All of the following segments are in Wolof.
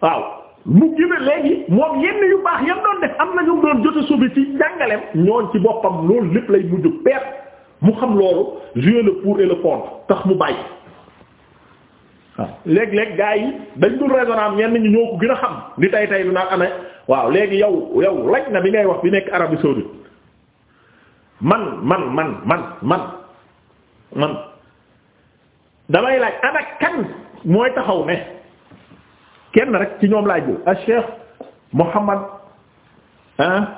waaw mu gëna léegi moom yenn yu baax yam doon def am na ñu doon jot a ci njàngaleem ñooñ ci boppam loolu lépp lay mujj perte mu xam loolu jouer le pour et le tax mu bàyyi waaw léeg gaa yi dañ dul raisonnable ñenn ñi ñoo ko gën a xam li tay tay lu naan amee waaw léegi yow yow laj na bi ngay wax bi nekk Arabie saoudite man man man man man man damay laaj ana kan mooy taxaw ne kenn rek ci ñoom laa jël a Cheikh Muhammad ah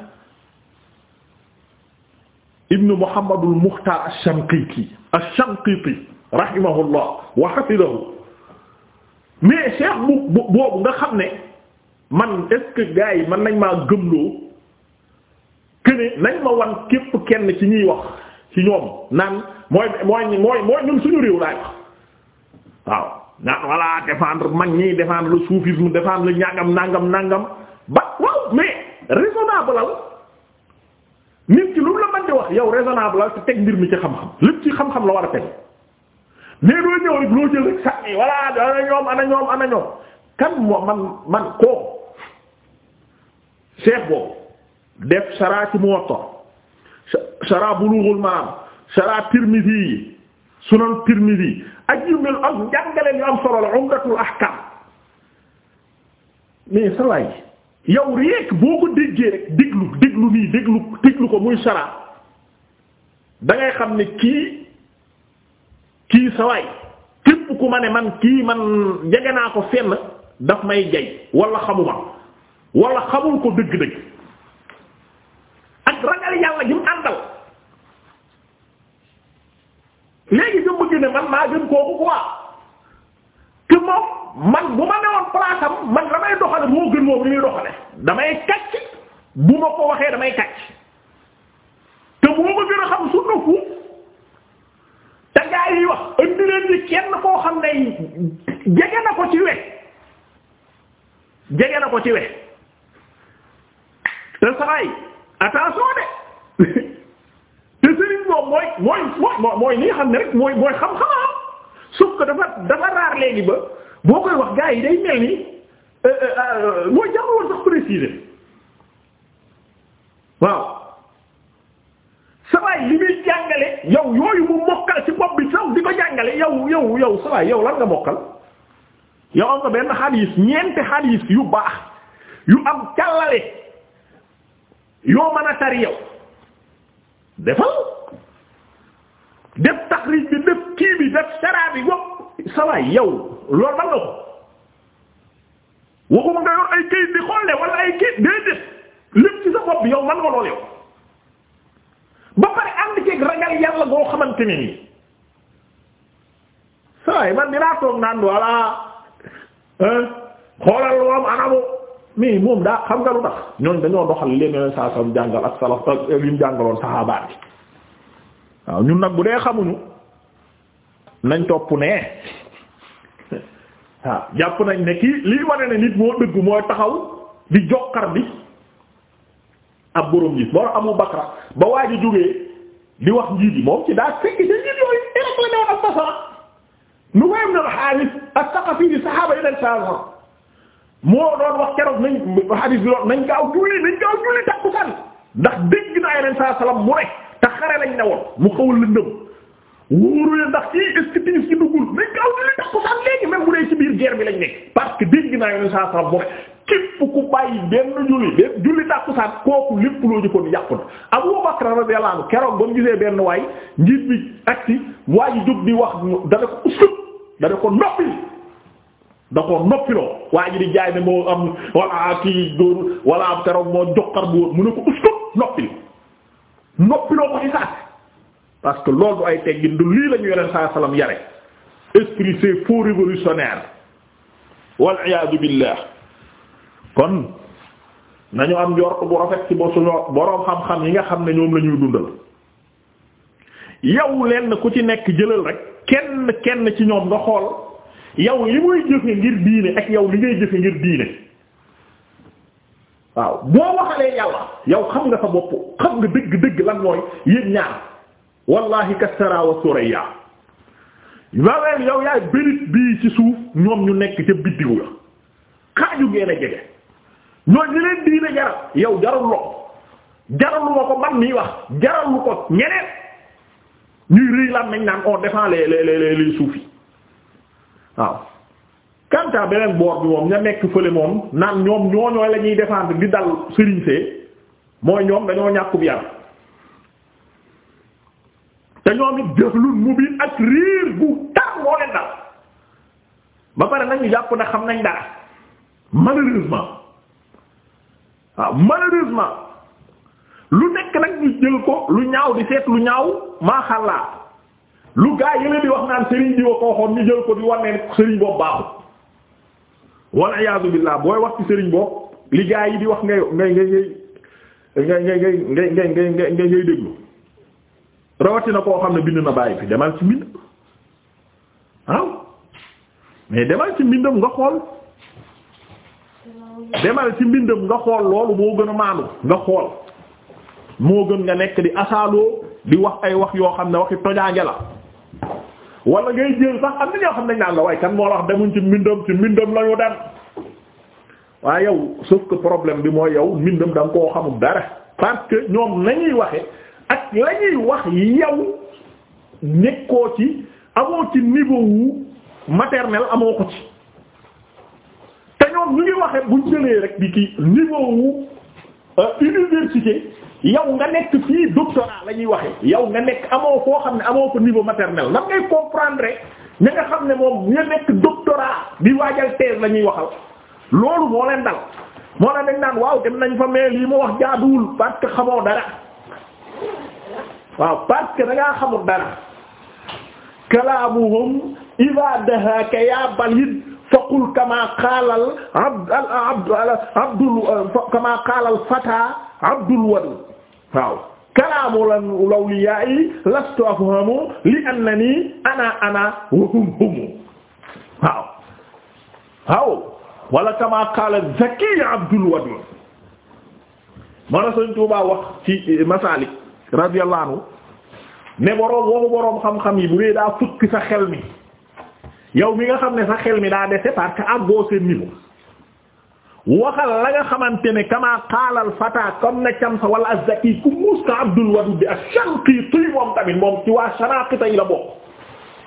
ibnu Muhammadul Mukhtar ash-Shanqiti ash-Shanqiti rahimahullah wa hafidahu mais cheikh bu boobu nga xam ne man est yi man nañ maa gëmloo que nañ ma wan képp kenn ci ñuy wax ci ñoom naan mooy mooy mooy mooy ñun suñu réew laay wax waaw naan voilà défendre mag ñi défendre le soufisme défendre le ñàngam nangam nangam ba waaw mais raisonnable al nit ci lu la mën di wax yow raisonnable al teg mbir mi ci xam-xam lépp ci xam-xam la war a teg mais doo ñëw rek loo jël rek sànni voilà ana ana ñoom ana ñoom kan moo man man seex boobu def saraa ci Muwatta saraa Bulughul Maram saraa Tirmidhi sunan Tirmidhi ak yu mel am njàngale yu am solo la umratul ahkam mais sa waay yow rek boo ko déggee rek déglu déglu nii déglu déglu ko muy sara dangay xam ne kii kii sa waay képp ku ma ne man kii man jege naa ko fenn daf may jay walla xamuma wala xamul ko dégg dëgg ak ragal yàlla gi mu ànd léegi nga mujj ne man maa gën kooku quoi te moom man bu ma newoon place man damay doxale moo gën moom li doxale damay kàcc bu ma ko waxee damay kàcc te moo ma gën a xam sunna fu te gaa yi wax andi leen ni kenn koo xam ne jege na ko ci we jege na ko ci we te saray attention de ñoom mooy mooy mooy mooy xam ne rek mooy mooy xam-xama sauf que dafa dafa raar léegi ba boo koy wax gars yi day mel ni euh, euh, euh, mooy jàmm woon sax préciser waaw sawaay li muy jàngale yow yooyu mu mokkal ci bi sax di ko jàngale yow yow yow sawaay yow lan nga mokkal yow am nga benn xadiis ñeenti xadiis yu baax yu am càllale yoo mën a tari yow defal def taxrij bi def kii bi def sara bi yëpp sawaay yow loolu man la ko waxuma nga yor ay kayit di xolle wala ay kayit day def lépp ci sa bopp yow man nga lool yow ba pare ànd ceeg ragal yàlla goo xamante ne nii sawaay man dinaa toog naan walla xoolal lu am anamu mais moom daa xam nga lu tax ñooñ dañoo doxal leen sa sam jàngal ak salaf ak li mu jàngaloon saxaabaa bi waaw ñun nag bu dee xamuñu nañ topp nee waaw jàpp nañ ne kii lii wane ne nit moo dëgg mooy taxaw di jokkar bi ak borom gis boo Abu Bakra ba waaj di wax njiit yi moom ci daa fekk ca njiit yooyu Irak la newoon ak Basra nu koy na Al-Harith as-Saqafi di saxaaba yeneen saa moo doon wax keroog nañ hadith bi doon nañ gaaw julli nañ gaaw julli takkusaan ndax dégg naa yeneen saa mu ne. xare lañ ne woon mu xaw a lëndëm wóorulee ndax ci est-ce que tinis ci duggul mais gaaw ñu léegi même bu dee ci biir guerre bi lañ nekk parce que dégg naa yoon saa saa bone képp ku bàyyi benn julli benn julli tàkkusaan kooku lépp loo jëkkoon yàqu na Abu Bakr radiyallahu anhu keroog ba ak wax dana ko uslub dana kii dóor walla am keroog moo jox xar bu mu ne ko uslub noppi noppi doo ko ci sax parce que loolu ay teggin du lii la ñu yore saa salaam yare esprit c'est faux révolutionnaire wal iyaadu billah kon nañu am njort bu rafet ci ba suñu boroom xam-xam yi nga xam ne ñoom la ñuy dundal yow lenn ku ci nekk jëlal rek kenn kenn ci ñoom nga xool yow li muy jëfe ngir diine ak yow li ngay jëfe ngir diine waaw boo waxalee yàlla yow xam nga sa bopp xam nga dégg dégg lan mooy yéen ñaar wallahi kasara wa suraya waweel yaay bérit bii ci suuf ñoom ñu nekk ca biddiw ya ngeen a jege ñoo ñi leen diine jaral yow jaral lo jaralu ma ko man mii wax jaralu ko ñeneen ñuy rëy lan nañ naan on défend les les les les suufs yi waaw kanta beneen boor bi moom ña nekk fële naan ñoom ñooñoo la ñuy défendre di dal sëriñ see mooy ñoom dañoo ñàkkub yar te ñoom it jëflun mu bi ak riir gu tar moo leen dal ba pare nañu jàpp na xam nañ dara malheureusement waaw malheureusement lu nekk nag ñu jël ko lu ñaaw di seet lu ñaaw maa xàllaa lu gaa yële di wax naan sëriñ di wa ko jël ko di wane sëriñ boobu baaxul wal iyaazu billaah booy wax ci sëriñ boobu li yi di wax ngay ngay ngay ngay ngay ngay ngay ngay ngay ngay ngay ngay déglu rawatina koo xam ne bind na bàyyi fi demal ci mbind waaw mais demal ci mbindam nga xool demal ci mbindam nga xool loolu moo gën a maanu nga xool moo gën nga nekk di asaaloo di wax ay wax yoo xam ne waxi tojaange la wala ngay jël sax am na ñoo xam ne naan la waaye kan moo la wax demuñ ci mbindam ci mbindam la ñu dem waaye yow sauf que problème bi mooy yow mbindam da nga koo xamul dara parce que ñoom nañuy waxe ak la wax yow nekkoo ci amoo ci niveau wu maternel amoo ko ci te ñoom ñu ngi waxe buñ jëlee rek di kii niveau wu euh, université yow nga nekk fii doctorat la ñuy waxee yow nga nekk amoo foo xam ne amoo fa niveau maternel nan ngay comprendre ña nga xam ne moom nga nekk doctorat di waajal thèse la ñuy waxal loolu moo leen dal moo la dañ naan waaw dem nañ fa mais lii mu wax jaaduwul parce que xamoo dara waaw parce que da xamul dara kalaamuhum idaa dahaaka yaa balid faqul kama qaalal abd al abd abdul kama qaalal fata abdul wadud waaw kalaamu lawliyaa'i lastu afhamu li annani ana ana wa hum hum waaw waaw wala kama qaala Zaki Abdul Wadud mana Sëriñ Tuubaa wax ci Masaalik radiyallahu anhu ne boroom waxu boroom xam-xam yi bu dee daa fukki sa xel mi yow mi nga xam ne sa xel mi daa dese parce que àggoo seen niveau waxal la nga xamante ne kama qaala al fata comme na camsa wala az-zaki ku muska abdul wadud bi ash-shanqiti moom tamit moom ci waa shanaqita yi la bokk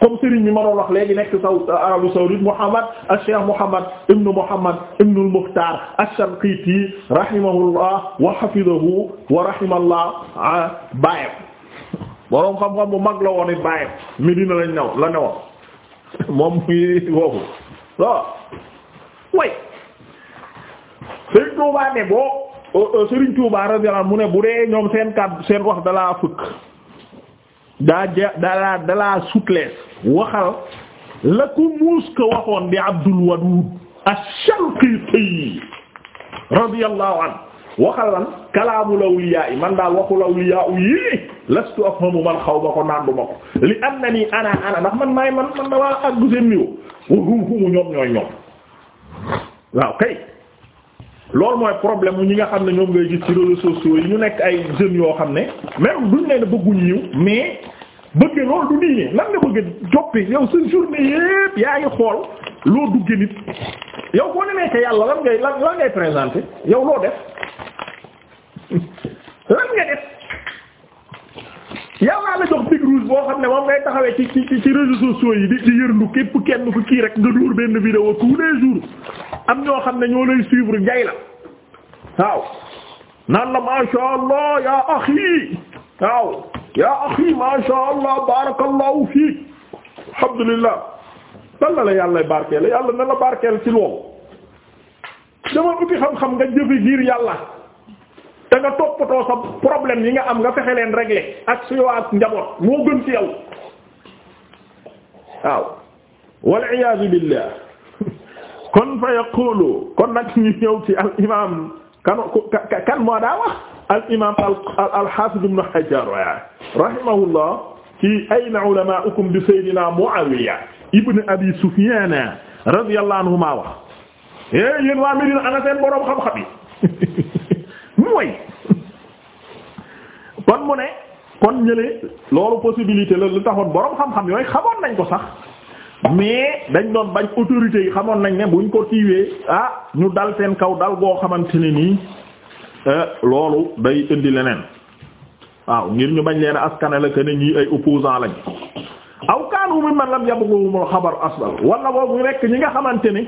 comme Serigne bi ma doon wax léegi nekk saw arabu saoudite Muhammad al-Cheikh Muhammad ibn Muhammad ibn al-Mukhtar ash-Shanqiti rahimahullah wa hafidahu wa rahimallah ah, baayam boroom xam-xam bu mag la woon it baayam Medina lañ new la newoon moom muy woofu waaw way Sëriñ Touba ne boo Sëriñ Touba radiyallahu mu ne bu dee ñoom seen kàddu seen wax dalaa fëkk daa ja dalaa dalaa souplesse waxal la ku muus ko waxoon di Abdul Wadud Ash-Shalqiti radiyallahu anhu waxal lan kalaamu lawliyaa yi man daal waxu lawliyaa yi lastu afhamu man xaw ma ko naan du ma ko li am na nii ana ana ndax man maay man man damaa àgg seen niveau waxum xumu ñoom ñooy ñoom waaw kay loolu mooy problème mu ñi nga xam ne ñoom ngay gis ci réseaux sociaux yi ñu nekk ay jeunes yoo xam ne même duñ leen bëgguñu yiw mais bëgge loolu du diine lan nga bëgg joppi yow sa journée yépp yaa ngi xool loo dugge nit yow boo ne nekk yàlla lan ngay lan lan ngay présenter yow loo def lan nga def yàllaa la jox big rouge boo xam ne moom ngay taxawee ci ci ci di di yërndu képp kenn ku kii rek nga dóor benn vidéo tous les jours am ñoo xam ne ñoo lay suivre jay la waaw naan la masha allah ya axi waaw ya axi masha allah barakallahu fiik alhamdulillah dan la la yàlla barkeel yàlla na la barkeel ci loolu dama uti xam-xam nga jëfe ngir yàlla te nga toppatoo sa problème yi nga am nga fexe leen régler ak su yow ak njaboot moo gën ci yow waaw wal iyaazu billah kon fa yaqulu kon nag ñu ñëw ci al imam kan kan moo daa wax al imam al hafiz ibn hajar rahimahullah ci ayna ulama'ukum bi sayyidina muawiya ibn abi sufyan radiyallahu anhuma wax é eh, yéen waa Medina ana seen boroom xam-xam yi mooy kon mu ne kon ñële loolu possibilité la lu taxoon boroom xam-xam yooyu xamoon nañ ko sax mais dañ doon bañ autorités yi xamoon nañ ne buñ ko kiiwee ah ñu dal seen kaw dal goo xamante ne nii euh, loolu day indi leneen waaw ngir ñu bañ leen askane la que ne ñii ay opposant lañ aw man lam yàbbu xabar asbal wala boobu rekk ñi nga xamante ni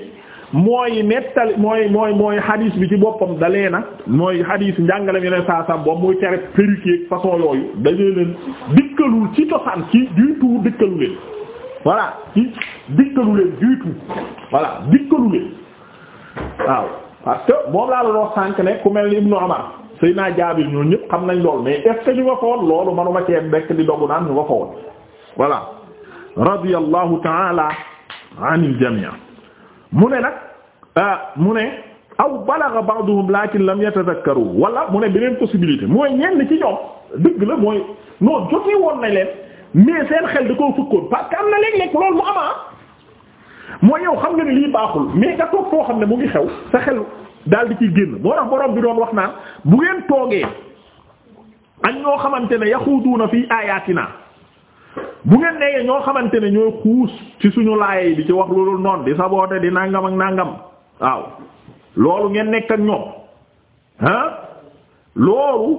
mooy nettali mooy mooy mooy hadis bi ci boppam dalee na mooy hadis njàngale yeneen saa saa boobu muy tere perruque façon yooyu dañoo leen dikkalul ci cosaan ci du tout dikkalu leen voilà ci dikkalu leen du tout voilà dikkalu leen waaw parce que moom laa la doon sànq ne ku mel ni Ibnu Umar naa Jaabir ñoo ñëpp xam nañ lool mais est que ñu nga fa woon loolu manuma cee bekk di dogu naan ñu nga fa woon voilà radiyallahu ta'ala mu ne nag ah, mu ne aw balagha ba'dhum lakin lam yatadhakkaru wala mu ne beneen possibilité mooy ñenn ci ñoom dëgg la mooy non jotee woon na leen mais seen xel da koo fëkkoon parce am na léeg-léeg loolu mu amaa ah. mooy yow xam nga ne lii baaxul mais nga toog foo xam ne mu ngi xew sa xel daal di ciy génn moo tax borom bi doon wax naan bu ngeen toogee ak ñoo xamante ne yaxuduuna fii naa bu ngeen nee ñoo xamante ne ñooy xuus ci suñu laay bi ci wax loolu noonu di saboote di nangam ak nangam waaw loolu ngeen nekk ak ñoom ah loolu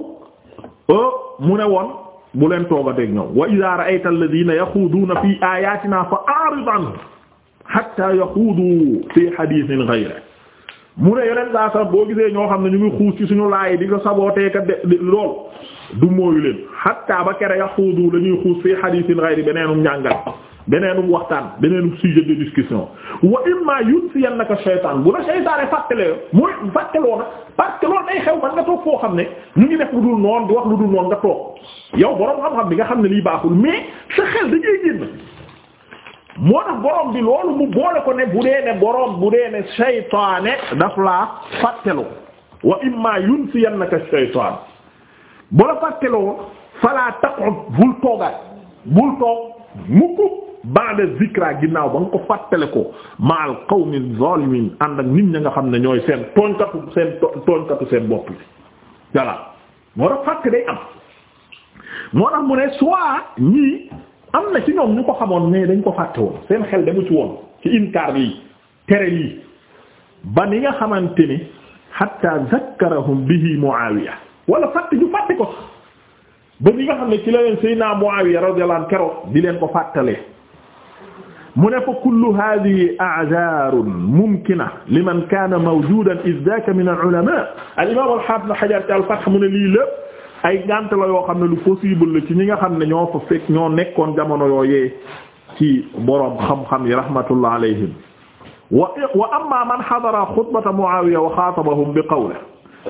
mu ne woon bu leen toogateeg ñoom wa iza ra'ayta alladhina yaxuuduuna fi ayatina fa a'rid anhum hatta yaxuudu fi hadithin ghayrihi mu ne yeneen saa sax boo gisee ñoo xam ne ñu ngi xuus ci suñu laay di ko sabooteekat de loolu du mooyu leen xatta ba kere yaxuudu la ñuy fii xadiisin gayri beneenum njàngal beneenum waxtaan beneenum sujet de discussion wa imma yunsiyannaka shaytaan bu la shaytaane fàttalee mooy fàttaloo na parce xam ne ñu ngi def lu dul noonu yow boroom bi nga xam ne lii baaxul mais sa xel da bu dee ne boroom bu dee ne shaytaane daf laa fàttaloo wa imma yunsiyannaka shaytaan bu la fàtteloo fala taq'ud bul toogaat bul toog mukk ba'da zikra ginnaaw ba nga ko fàttale ko ma qawmi zalimin ànd ak nit ña nga xam ne ñooy seen tooñkatu seen tooñkatu seen bopp bi voilà moo tax fàtte day am moo tax mu ne soit ñii am na ci ñoom ñu ko xamoon mais dañ ko fàtte woon seen xel demu ci woon ci inkaar yi tere yi ba ni nga xamante ni hatta zakkarahum bihi Muawiya wala fàtte ñu fàtte ko ba ñi ne ci la leen Seydina Muawiya radiyallahu anhu keroog di leen ko fàttalee mu ne fa kullu hadihi a'zarun mumkina liman kana mawjudan iz daka min al-ulama al-imam mu ne lii lépp ay ngànt la yoo xam ne lu possible ci ñi nga xam ne ñoo fa fekk ñoo nekkoon jamono yooyee ci boroom xam-xam yi rahmatullah alayhim wa wa amma man hadara xutbata Muawiya wa xaatabahum bi qawlihi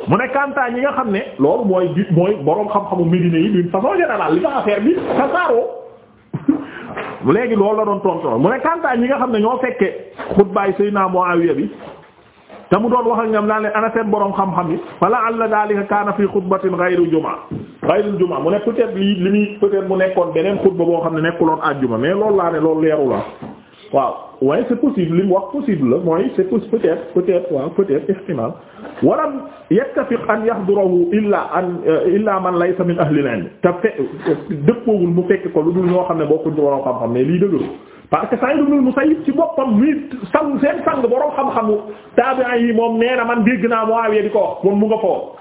mu ne kantaa ñi nga xam ne loolu mooy bi mooy boroom xam-xamu Médina yi d'une façon générale li nga affaire bi mu léegi loolu la doon tontu mu ne kantaa ñi nga xam ne ñoo fekke xutbaay moo Muawiya bi te mu doon wax ak ñoom naa leen ana seen boroom xam-xam yi fala alla dalika kaana fi xutbatin ghayru jumaa ghayru jumaa mu ne peut-être lii li muy peut-être mu nekkoon beneen xutba boo xam ne nekkuloon àjjuma mais loolu laa ne loolu leeru la waaw waaye c'est possible li mu wax possible la mooy c'est possible peut-être peut-être waaw peut-être ihtimal walam yattafiq an yahdurahu illa an euh, illa man laysa min ahli al-ilm te fe dëppoowul mu fekk ko lu dul ñoo xam ne bokkuñ ci borom xam-xam mais lii dëgëru parce que Saïd ibn Musayyib ci boppam mi sang seen sang borom xam-xamu taabi'in yi moom nee na man dégg naa Muawiya di ko wax moom mu nga foofu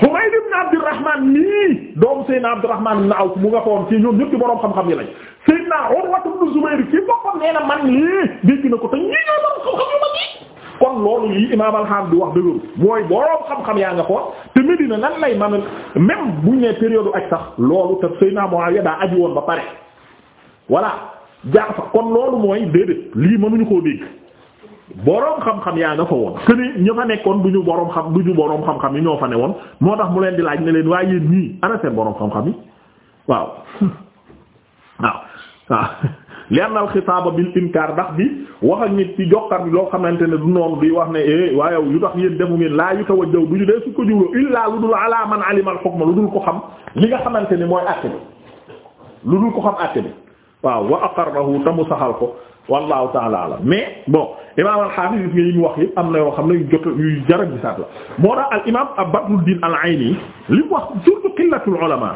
Humayd ibn Abdurrahman mii doomu Seydina Abdurrahman ibn Awf mu nga foon ci ñoom ñëpp boroom xam-xam yi lañ Seydina Urwa ibn Zubayr ci boppam nee na man lii dégg na ko te ñii ñoo boroom xam-xam yu mag yi kon loolu yi Imaam al-Hamdi wax dëgg mooy boroom xam-xam yaa nga foon te Medina nan lay man même buñ ne période aj sax loolu te Seydina Muawiya daa aji woon ba pare voilà jaar fa kon loolu mooy déedéet lii mënuñu koo dégg. boroom xam-xam yaa nga fa woon que ni ña fa nekkoon du ñu boroom xam du ñu boroom xam-xam yi ñoo fa ne woon moo tax mu leen di laaj na leen waaye yéen ñii ana seen boroom xam-xam yi waaw waaw waaw lenn al xitaaba bil inkaar ndax bi wax ak nit ci jokkar bi loo xamante ne du noonu di wax ne eh waaye yu tax yéen defu ngeen laa yu taw a jaww du ñu dee su ko jiwloo illaa lu dul ala man alimal hukma lu dul ko xam li nga xamante ne mooy àtte bi lu dul ko xam àtte waaw wa aqarrahu tamu saxal ko wallahu taala alam mais bon imam alxaafis gis nga yi ñu wax yëpp am na yoo xam ne yu jot yu jara gisaat la moo tax al imam Badruddin al Ayni li mu wax surtout qillatul ulama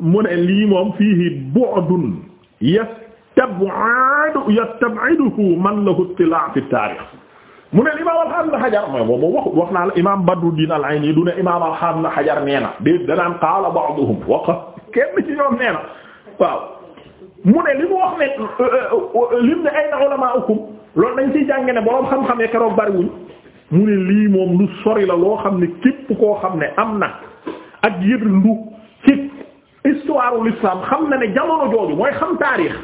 mu ne lii moom fiihi bu'dun yastab'adu yastab'iduhu man lahu ittilaa' fi taarix mu ne imam alxaafis na xajar mooy boobu wax wax naa la imam Badruddin al Ayni du ne imam alxaafis na xajar nee na dé danaan qaala ba'duhum wax kenn ci ñoom nee na waaw mu ne li mu wax ne lim ne ay na loolu dañ ciy jànge ne boroom xam-xam ya keroog bariwuñ mu ne lii moom lu sori la loo xam ne képp koo xam ne am na ak yëg lu ci histoire ul xam na ne jamono jooju mooy xam taarix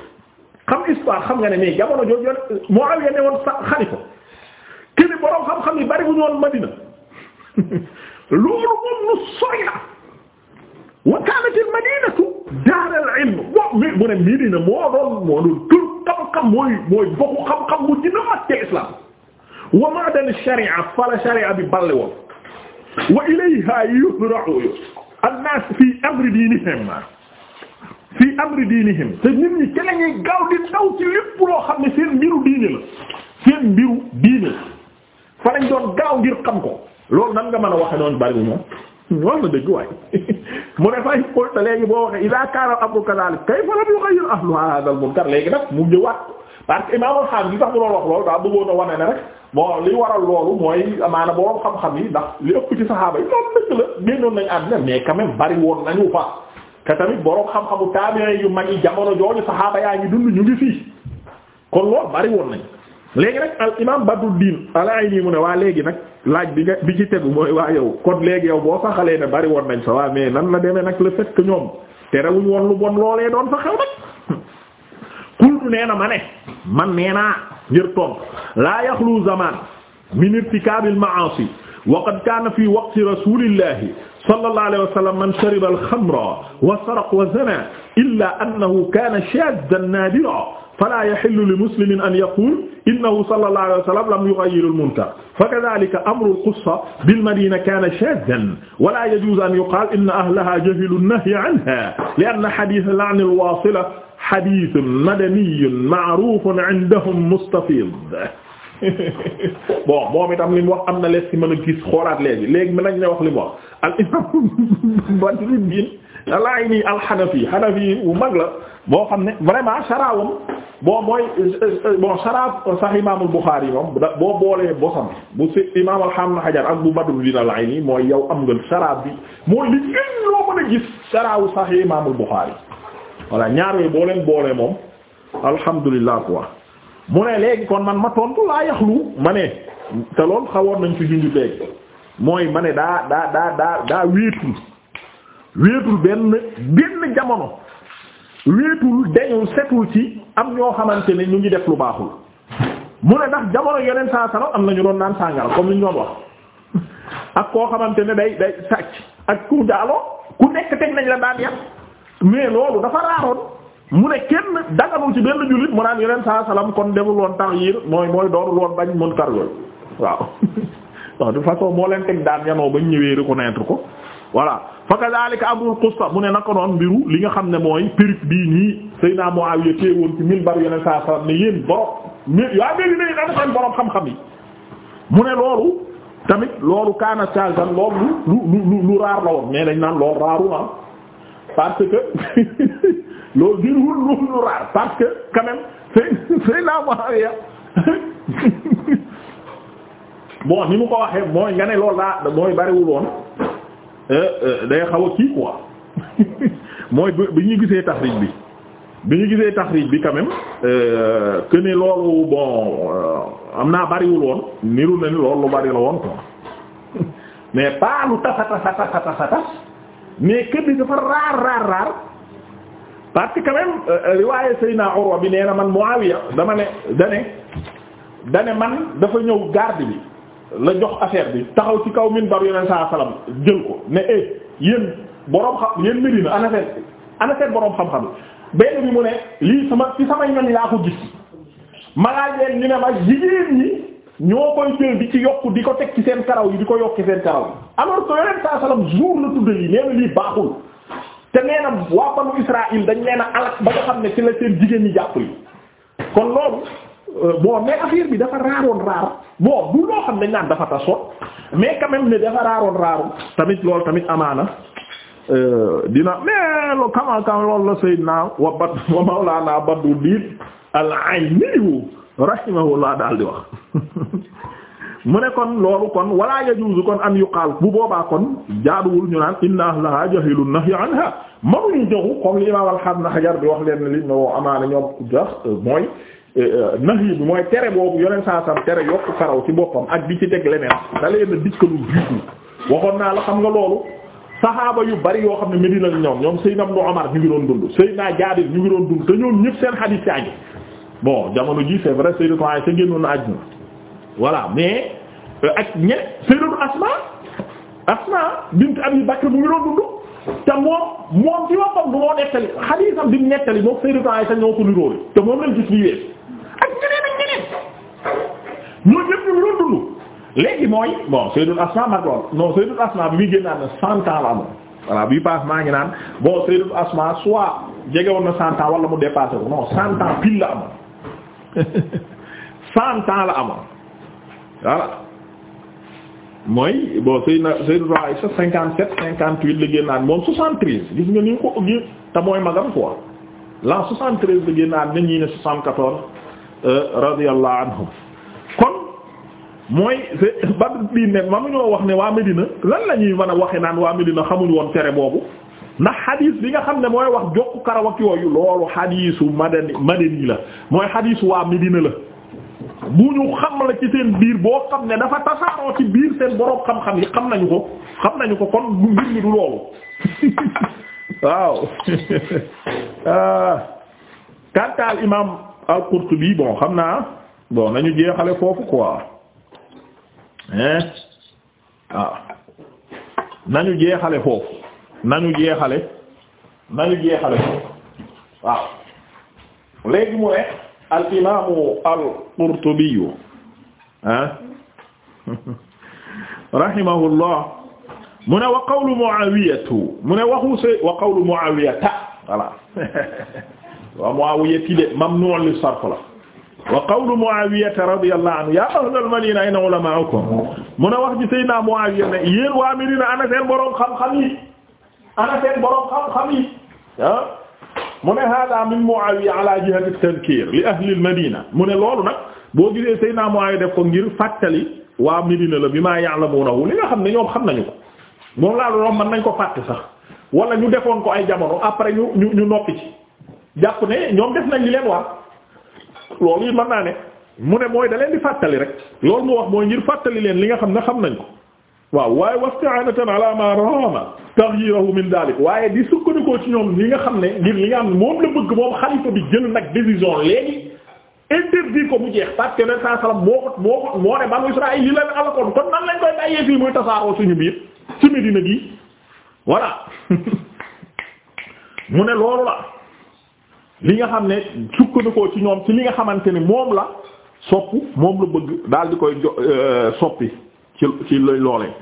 xam nga ne mais jamono jooju Muawiya ne woon sa xalifa kii boroom xam-xam yi bariwuñu woon Madina loolu moom lu sori la wa kaanatil madinatu daaral ilm moom mi mu ne Medina moo doon moo doon tur xam-xam mooy mooy bokku xam-xam bu dina mag ci islam wa ma'dan sharia fala sharia bi balle woon wa ilayha yusra'u an-nas fi amri dinihim fi amri diinihim te nit ñi ci la gaaw di daw ci lépp loo xam ne seen mbiru diine la seen mbiru diine fa lañ doon gaaw ngir xam ko loolu nan nga mën a waxe noonu bari wu ñoom wax na dëgg waaye mu ne fay léegi boo waxee ila kaana amru kadhalik kayfa lam yughayyir ahlu hadha al munkar léegi nag mu jëwaat parce que imaamul xaam gi sax bu doon wax loolu daa bëggoon a wane ne rek bon li waral loolu mooy amaana borom xam-xam yi ndax li ëpp ci saxaaba yi loolu dëgg la génnoon nañu àddina mais quand même bari woon nañu fa te tamit borom xam-xamu taabi'i yu mag yi jamono jooju saxaaba yaa ngi dund ñu ngi fii kon loolu bari woon nañ léegi nag al imaam Badruddin al-Ayni mu ne waa léegi nag laaj bi nga bi ci tegu mooy waa yow kon léegi yow boo saxalee ne bari woon nañ sa waa mais nan la demee nag la fait que ñoom terewuñ woon lu bon loolee doon fa xew nag kultu nee na ma ne man nee naa ngir toog laa yaxlu zaman min irtikaabil ma'asi wa qad kaana fi waqti rasulillahi sallallahu alayhi wa sallam man shariba al-khamra wa saraqa wa zana illa annahu kana shaddan nadira fala yahillu li muslimin an yaqula innahu sallallahu alayhi wa sallam lam yughayyir al-munkar fakadhalika amru al-qussa bil-madina kana shaddan wa la yajuzu an yuqala inna ahlaha jahilu an-nahya anha li'anna hadith la'n al-wasila hadith madaniyun ma'rufun 'indahum mustafid bon moom itam li wax am na lees ci mën a gis xoolaat léegi léegi mën nañ ne wax li mu wax al imam Badruddin al-Ayni al-Hanafi Hanafi bu mag la boo xam ne vraiment sarawam boo mooy bon sara sax imaamul Buxaari moom da boo boolee bosam bu si imam al-Hafiz Hajar ak bu Badruddin al mooy yow am nga sara bi mooy li gën loo mën a gis sarawu sax imaamul Buxaari voilà ñaar yooyu boo leen boolee moom alhamdulillah quoi mu ne léegi kon man ma tontu laa yaxlu ma ne te lool xawoon nañ ci junj léegi mooy ma ne daa daa daa daa daa wéetul wéetul benn benn jamono wéetul dañu setul ci am ñoo xamante ne ñu ngi def lu baaxul mu ne ndax jamono yeneen saa am na ñu doon naan sàngara comme li ñu wax ak koo xamante ne day day sàcc ak ku jaaloo ku nekk teg nañ la daan yàq mais loolu dafa raaroon. mu ne kenn daganul ci benn jullit mu naan yeneen saa salaam kon deful woon tax yiir mooy mooy doonul woon bañ mën kar yooyu waaw waaw de façon moo leen teg daan yanoo bañ ñëwee reconnaître ko voilà fa kadhalika amrul qusta mu ne naka noon mbiru li nga xam ne mooy périt bii nii Seydina Muawiya téewoon ci minbar yeneen saa salaam ne a borom yaa mel ni dañu seen borom xam-xam yi mu ne loolu tamit loolu kaana saasan loolu lu lu lu loolu di wul lu lu raar parce que quand même c'est c'est la Muawiya bon ni mu ko waxee mooy nga ne loolu daa mooy bariwul woon euh, euh, day xaw a kii quoi mooy bi ñu gisee taxrij bi bi ñu gisee taxrij bi quand même euh, que ne loolu bon am naa bariwul woon niru na ni loolu lu bari la woon quoi mais pas lu tasa tasa tasa tasa tas mais que bi dafa raar raar raar. parce que quand même euh, euh, riwaaye Seyna Urwa bi nee na man Muawiya dama ne dane dane man dafa ñëw garde bi la jox affaire bi taxaw ci kaw minbar yeneen saa salam jël ko ne eh yéen boroom xam yéen mbiri na ana seen ana seen boroom xam-xam benn bi mu ne lii sama ci sama ñoñ laa ko gis ma laaj leen ñu ne ma jigéen ñi ñoo koy jël di ci yokk di ko teg ci seen karaw yi di ko yokk ci seen karaw yi alors ko yeneen saa salam jour la tudde yi nee lii baaxul te nee waa banu Israël dañ nee na alak ba nga xam ne ci la seen jigéen ñi jàpp yi kon loolu euh, bon mais affaire bi dafa raaroon raar bon bu loo xam ne naan dafa tasoon mais quand même ne dafa raaroon raaru tamit loolu tamit amaana euh, dina mais loolu kamaa kamaa loolu la Seydina wa bat wa Mawlana Badruddin al-Ayni rahimahullah daal di wax. mu ne kon loolu kon wala yajuuzu kon an yuqaal bu boobaa kon jaaduwul ñu naan inna ahlaha jahilun nahyi anha mënuñu joxu comme li imaam alxaam na xajar bi wax leen li ñu amaana ñoom jax euh, mooy euh, euh, nahyi bi mooy tere boobu yoneen saa sam tere yokku karaw ci boppam ak bi ci teg leneen da leen a dikkalu jiitu waxoon naa la xam nga loolu saxaaba yu bari yoo xam ne Medina la ñoom ñoom Seydina Ibnu Umar ñu ngi doon dund Seydina Jaabir ñu ngi doon dund te ñoom ñëpp seen xadiis yaa ngi bon jamono ji c'est vrai Seydina Aysa génnoon na àdduna voilà ak ñe Sayyidatu Asma Asma bint Abi Bakr mu ngi doon te moom moom ci boppam du moo nettali xadiisam bi mu nettali moom Sayyidatu Aysa ñoo ko niróole te moom lañ gis lii ak ñeneen ak ñeneen ñoo ñëpp ñu ngi doon dund léegi mooy bon Sayyidatu Asma mag lool non Sayyidatu Asma bi muy génnaat na cent la amoon voilà bii passe maa ngi naan bon Sayyidatu Asma soit jege woon na cent ans mu dépassé ko non cent ans la amoon cent la mooy bon Seydina Seydina Aïcha cinquante sept cinquante huit la génnaat moom soixante treize gis nga ni nga ko gis te mooy magam quoi l'an soixante treize la génnaat na ñii ne soixante quatorze euh, radiyallahu anhum kon mooy Badr bii ne ma ñoo wax ne waa Medina lan la ñuy mën a waxe naan waa Medina xamuñu woon tere boobu ndax xadiis bi nga xam ne mooy wax jokk karawak yooyu loolu xadiisu madani madani la mooy xadiisu waa Medina la bu ñu xam la ci seen biir boo xam ne dafa tasaaroo ci biir seen boroom xam-xam yi xam nañu ko xam nañu ko kon bu mbir mi du loolu waaw kantaal ah. imam al-Qurtubi bon xam naa bon nañu jeexale foofu quoi hein waaw ah. nañu jeexale foofu nañu jeexale nañu jeexale foofu waaw léegi mu ne al imaamu al qurtubiyu ah rahimahullah mu ne wa qawlu muawiyatu mu ne waxu se wa qawlu muawiyata voilà wa muawiyati de mamnu' li sarf la wa qawlu muawiyata radiyallahu anhu ya ahlal madina ayna ulama'ukum mu ne wax ji sayyidina muawiya ne yéen waa Madina ana seen boroom xam-xam yi ana seen boroom xam-xam yi ah mu ne hada min Muawiya ala jihati tadhkir li ahli al madina mu ne loolu nag boo gisee Seydina Muawiya def ko ngir fàttali waa Medina la bi maa moo ya'lamunahu li nga xam ne ñoom xam nañu ko moom laa loolu mën nañ ko fàtte sax wala ñu defoon ko ay jamono après ñu ñu ñu noppi ci jàpp ne ñoom def nañ li leen war loolu it mën naa ne mu ne mooy da leen di fàttali rek loolu mu wax mooy ngir fàttali leen li nga xam ne xam nañ ko waaw waaye wasti'anatan ala ma rama taghyiruhu min dalik waaye di sukkandikoo ci ñoom li nga xam ne ngir li nga xam ne moom la bëgg bi jël nag décision léegi interdit ko mu jeex parce que ne saa salaam moo ko moo ko moo ne banu Israël yi mu ne loolu la nga xam ne sukkandikoo ci ñoom ci li nga xamante ni moom la soppu moom la bëgg daal di koy jo euh, soppi. ci ci loolee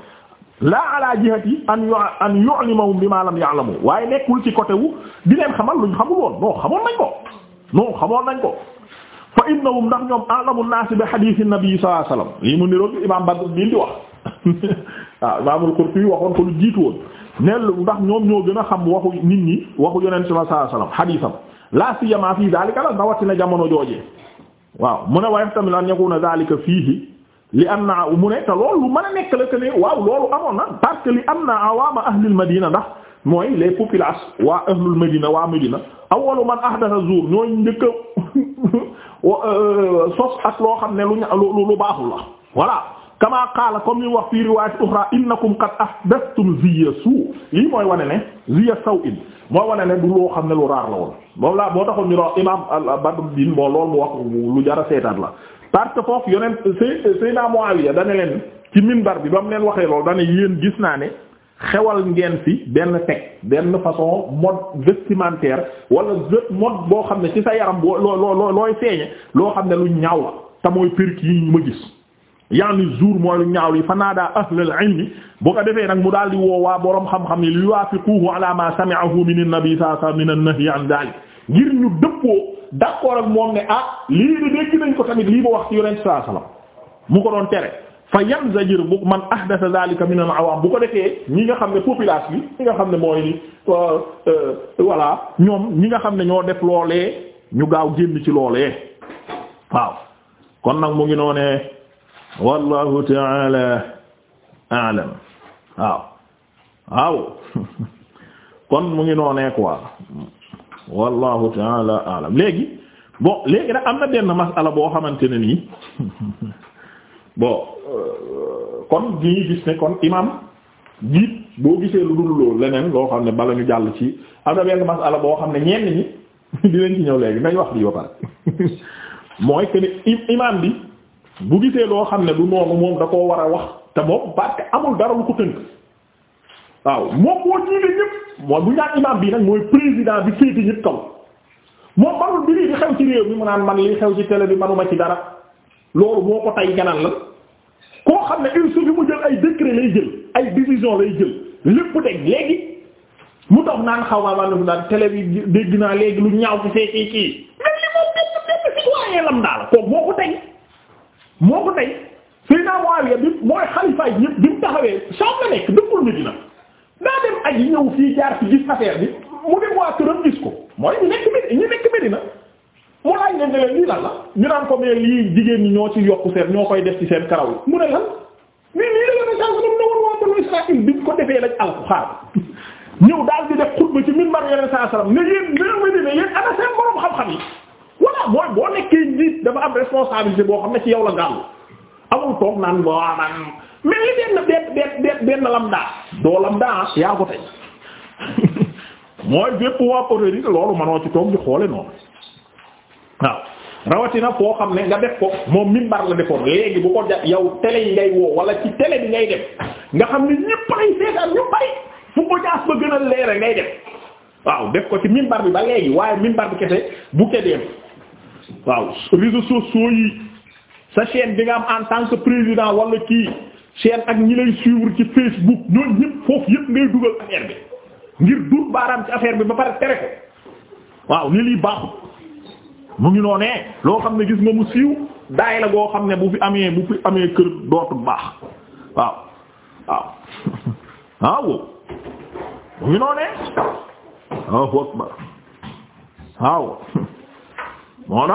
laa ala jihati an yu an yu'limahum bima lam ya'lamu waaye nekkul ci côté wu di leen xamal luñ xamul woon non xamoon nañ ko non xamoon nañ ko fa innahum ndax ñoom a'lamu naas bi hadiisi nabi sallallahu alayhi wasallam lii mu niroog imaam Badr bi di wax waaw ah, imaamul Qurtubi waxoon ko lu jiitu woon neel ndax ñoom ñoo gën a xam waxu nit ñi waxu yonent sallallahu alayhi wasallam hadiisam laa siyamaa fii daalika la rawatina jamono joojee waaw mu ne waaye tamit an yakuna daalika fiihi li am naa mu ne te loolu lu mën a nekk la que ne waaw loolu amoon na parce que li am naa awaama ahlil madina ndax mooy les populaces waa ahlul madina waa madina awwalu man ahdatha zuur ñooy njëkk a euh, sos ak loo xam ne lu lu baaxul la voilà kama qaala comme li wax fii riwaayat uxra innakum qad ahdathtum ziya suu lii mooy wane ne ziya saw in mooy wane ne du loo xam ne lu raar la woon moom laa boo taxoon ñu doon imaam al badruddin bon loolu mu wax lu jara seetaat la parce que foofu yonent Seydina Muawiya dana leen ci minbar bi ba mu leen waxee loolu dana yéen gis naa ne xewal ngeen fi benn teg benn façon mode vestimentaire wala mode boo xam ne ci sa yaram boo loo looy feeñe loo xam ne lu ñaaw la te mooy perruque yi ma gis. yaani jour mooy lu ñaaw yi fanaadaa ahlal ilmi boo ko defee nag mu daal di woo waa borom xam-xam yi li yuwaafiquhu ala ma sami'ahu min an-nabi sallallahu alayhi wa sallam min an-nahyi an dhalik ngir ñu dëppoo. d'accord ak moom ne ah lii de dégg nañ ko tamit lii ba wax ci yonent sallallahu mu ko doon tere fa yanzajir bu man ahdatha dhalika min al-awam bu ko defee ñi nga xam ne population bi ñi nga xam ne mooy euh, voilà ñoom ñi nga xam ne ñoo def ñu gaaw génn ci loolee waaw nag mu ngi wallahu ta'ala a'lam waaw waaw kon mu ngi noonee quoi wallahu taala alam léegi bon léegi nag am na benn masala boo xamante ne nii bo euh, kon li ñu gis ne kon imam jiit boo gisee lu dul loolu leneen loo xam ne bala ñu jàll ci am na benn masala boo xam ne ñenn ñi dinañ ci ñëw léegi nañ wax lii ba pare mooy que ne imam bi bu gisee loo xam ne du noonu moom da koo war a wax te moom parce que amul dara lu ko tënk waaw moom moo jiite ñëpp mooy bu ñu naan imam bi nag mooy président bi féete ñëpp kaw moom manul biri di xew ci réew mi mu naan man li xew ci télé bi manuma ci dara loolu moo ko tay ganaan la koo xam ne ay décret lay jël lépp deg naan xaw maa man naan télé bi dégg naa léegi lu ñaaw ci feekii kii mel li moo ko tey moo bi mooy xalifaay bi mu taxawee soo nga nekk dëppul Medina daa dem aji ñëw fii jaar fi gis affaire bi mu dem waa këram gis ko mooy ñu nekk Médina ñu nekk Médina leen lii lan la ñu naan ko mais lii jigéen ñi ñoo ci yokk seen ñoo koy def ci seen karaw mu ne lan mais lii la yone sànq dam na woon biñ ko defee lañ alku xaar ñëw daal di def xutba ci minbar yoneen saa sallam ne yéen lé Médina yéen ana seen borom xam-xam yi voilà mooy boo nekkee njiit dafa am responsabilité boo xam ne ci yaw la gàllu amul toog naan boaman mel ni benn benn benn benn lamdaa doo lamdaa ah, yaa ko tey mooy bépp waa côté loolu manoo ci toog di xoole noonu waaw rawatina foo xam ne nga def ko moom mimbar la defoon léegi bu ko ja yow télé yi ngay woo wala ci télé bi ngay dem nga xam ne ñépp ay seetaan ñu bari fu ko jaas ba gën a leere ngay dem waaw def ko ci mimbar bi ba léegi waaye mimbar bi kese bu kedeem waaw réseaux sociaux yi sa chaîne bi nga am en tant que président wala kii chaîne ak ñi lay suivre ci Facebook ñooñu ñëpp foofu yëpp ngay dugal affaire bi ngir dur baaraam ci affaire bi ba pare tere ko waaw ni lii baaxul mu ngi noonee loo xam ne gis nga mu siiw daay la goo xam ne bu fi amee bu fi amee kër dootul baax waaw waaw mu ngi noonee waaw waaw moo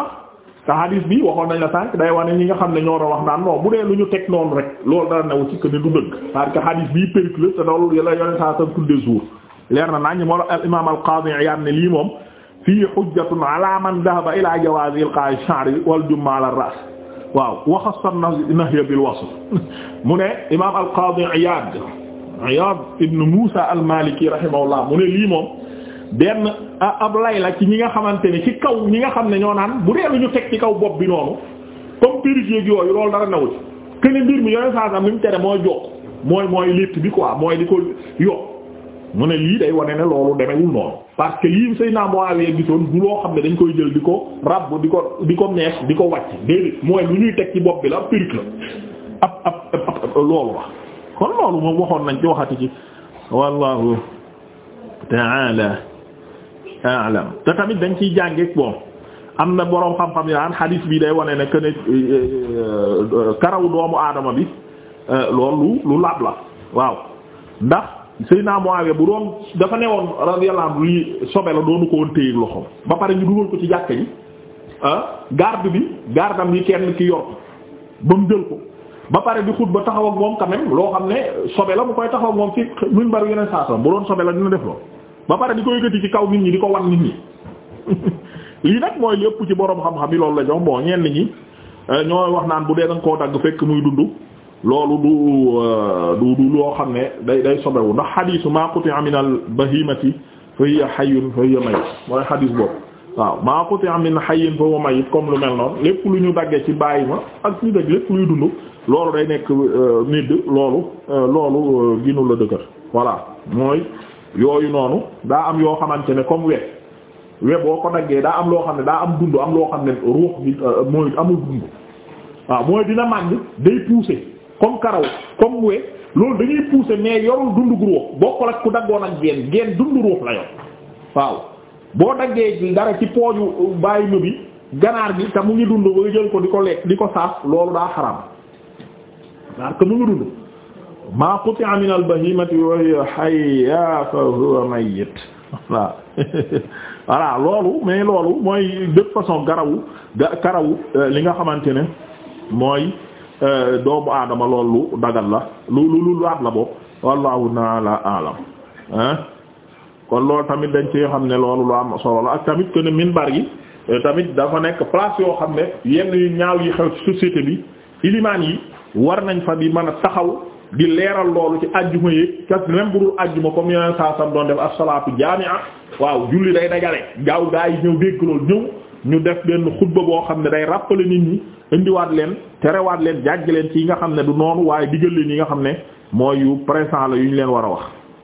te hadis bi waxoon nañ la sànq day na ñi nga xam ne ñoo doon wax na non bu dee lu ñu teg noonu rek loolu dara new ci que ne du dëgg parce que hadis bii péricule te loolu yàlla yoneen saa san tudde jour leer na nañ moo al imam al qadi Iyaad ne lii moom fii hujjatun ala man dhahaba ila jawaazi ilqaa'i sha'ri wal jumma ala waaw wa khassa an-nahya mu ne imam al qadi Iyaad Iyaad ibn Muusa al-Maliki rahimahullah mu ne lii moom benn a ab lay la ci ñi nga xamante ne ci kaw ñi nga xam ne ñoo naan bu dee lu ñu teg ci kaw bopp bi noonu comme périgier gi yooyu loolu dara nawu ci mbir mi yoneen saa saa mi mu tere mooy jokk mooy mooy létt bi quoi mooy di ko yokk mu ne lii day wane ne loolu demewul noonu parce que lii sëy naa Muawiya gisoon du loo xam ne dañ koy jël di ko rabb di ko di ko mees di ko wàcc déedéet mooy lu ñuy teg ci bopp bi la ab perruque la ab ab ab loolu wax kon waxoon nañ ci waxati ci a'lam te tamit dañ ciy jàngeek moom am na boroom xam-xam yaa xadiis bi day wone na que ne euh, euh, karaw doomu aadama bi euh, loolu lu laab la waaw ndax naa Seydina Muawiya bu doon dafa newoon radiyallahu anhu sobe la doonu ko woon téye loxoom ba pare ñu dugal ko ci jàkka ji ah, garde bi gardam yi kenn ki yor ba mu jël ba pare di xut ba taxaw ak moom quand loo xam ne sobe la mu koy taxaw ak moom ci minbaru yeneen saa bu doon sobe la dina def loolu ba pare di ko yëkkati ci kaw nit ñi di ko wan nit ñi lii nag mooy lépp ci borom xam-xam yi loolu la jox bon ñenn ñi eh, ñooy wax naan bu dee danga koo dagg fekk muy dund loolu du eh, du loo xam ne day day sobewu ndax xadiisu maa quti'a min al bahimati fa hiya hayyun fa hiya mayit mooy xadiis boobu waaw maa quti'a min hayyin fa huwa mayit comme lu mel noonu lépp lu ñu daggee ci bàyyi ma ak ñu dagg lépp luy dund loolu day nekk nidd eh, loolu loolu ginu la dëkkër voilà yooyu noonu daa am yoo xamante ne comme we we boo ko daggee daa am loo xam ne daa am dund am loo xam ne ruux euh, mooy amul dund waaw mooy dina màgg day pousser comme karaw comme we loolu dañuy pousser mais yorul dundu ruux bokkul ak ku daggoon ak geen geen dundu ruux la yor waaw boo daggee dara ci pooju euh, bàyyi ma ganaar gi te mu ngi dund ba jël ko di ko ko saaf loolu daa xaram parce mu ngi dund maa quti'a min al-bahimati wa hiya hayya loolu mais loolu mooy de façon garawu ga karawu euh, li nga xamante ne mooy euh, doomu aadama loolu lu dagal la lu lu lu laat la boobu wallahu ta'ala a'lam ah kon loolu tamit dañ ci xam ne loolu lu am solo la ak tamit que ne minbar yi euh, tamit dafa nekk place yoo xam ne yenn yu ñaaw yi xew société bi ilimaan yi war nañ fa di mën a taxaw di leeral loolu ci àjjuma yéeg kas même bu àjjuma comme yeneen saa sam doon def as-salaatu jaami'a waaw julli day dajale gaaw gaa yi ñëw dégg loolu ñëw ñu def benn xutba boo xam ne day rappeler nit ñi indiwaat leen terewaat leen jàgg leen ci yi nga xam ne du noonu waaye diggal leen yi nga xam ne mooy yu présent la yu ñu leen war a wax